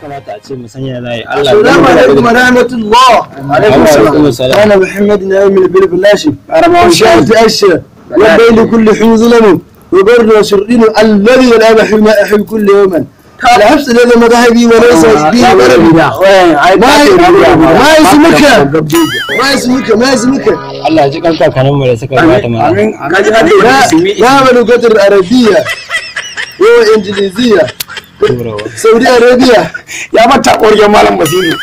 يا لكل حين ظلم وبر وشرين الذي لا يحب ما احب كل يوما لا حبس الا مذاهبي وليس اسمي ما اسمك ما اسمك ما اسمك ما اسمك الله يجيك انت كان امي ليس كبير يا بنو قدر عربيه وانجليزيه saudi arabia ya mata ƙorgen malam basiru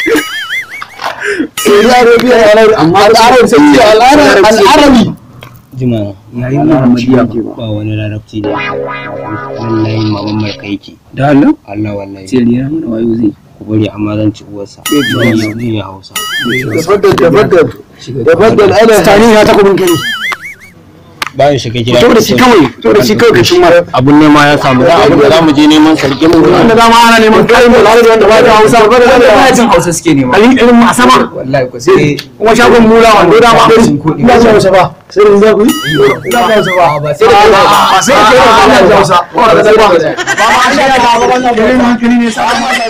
saudi arabia ya rabu amma al'arab sai ce al'arabi jima yayin muhammadiya ba wani larabci ne wallahi maman marka kaiki da allah allah wallahi sai liya mana wayo zai ku bari amma zan ci uwarsa zan yi hausa da fadda da fadda da fadda ana ta kuma kai bayan shiga gida to da shi kawai to da shi kawai kashin mara abun nema ya samu da abun da zamu je neman sarki mun da ma ana neman kai mu A wanda ba ta Hausa ba da ba jin Hausa suke nema ali irin a sama wallahi ko sai kuma shagon mura wanda da ma ba A kudi ba sai Hausa ba sai da zaku yi da Hausa ba sai da ba sai da Hausa ba da Hausa ba ma shi da ba wannan ne sai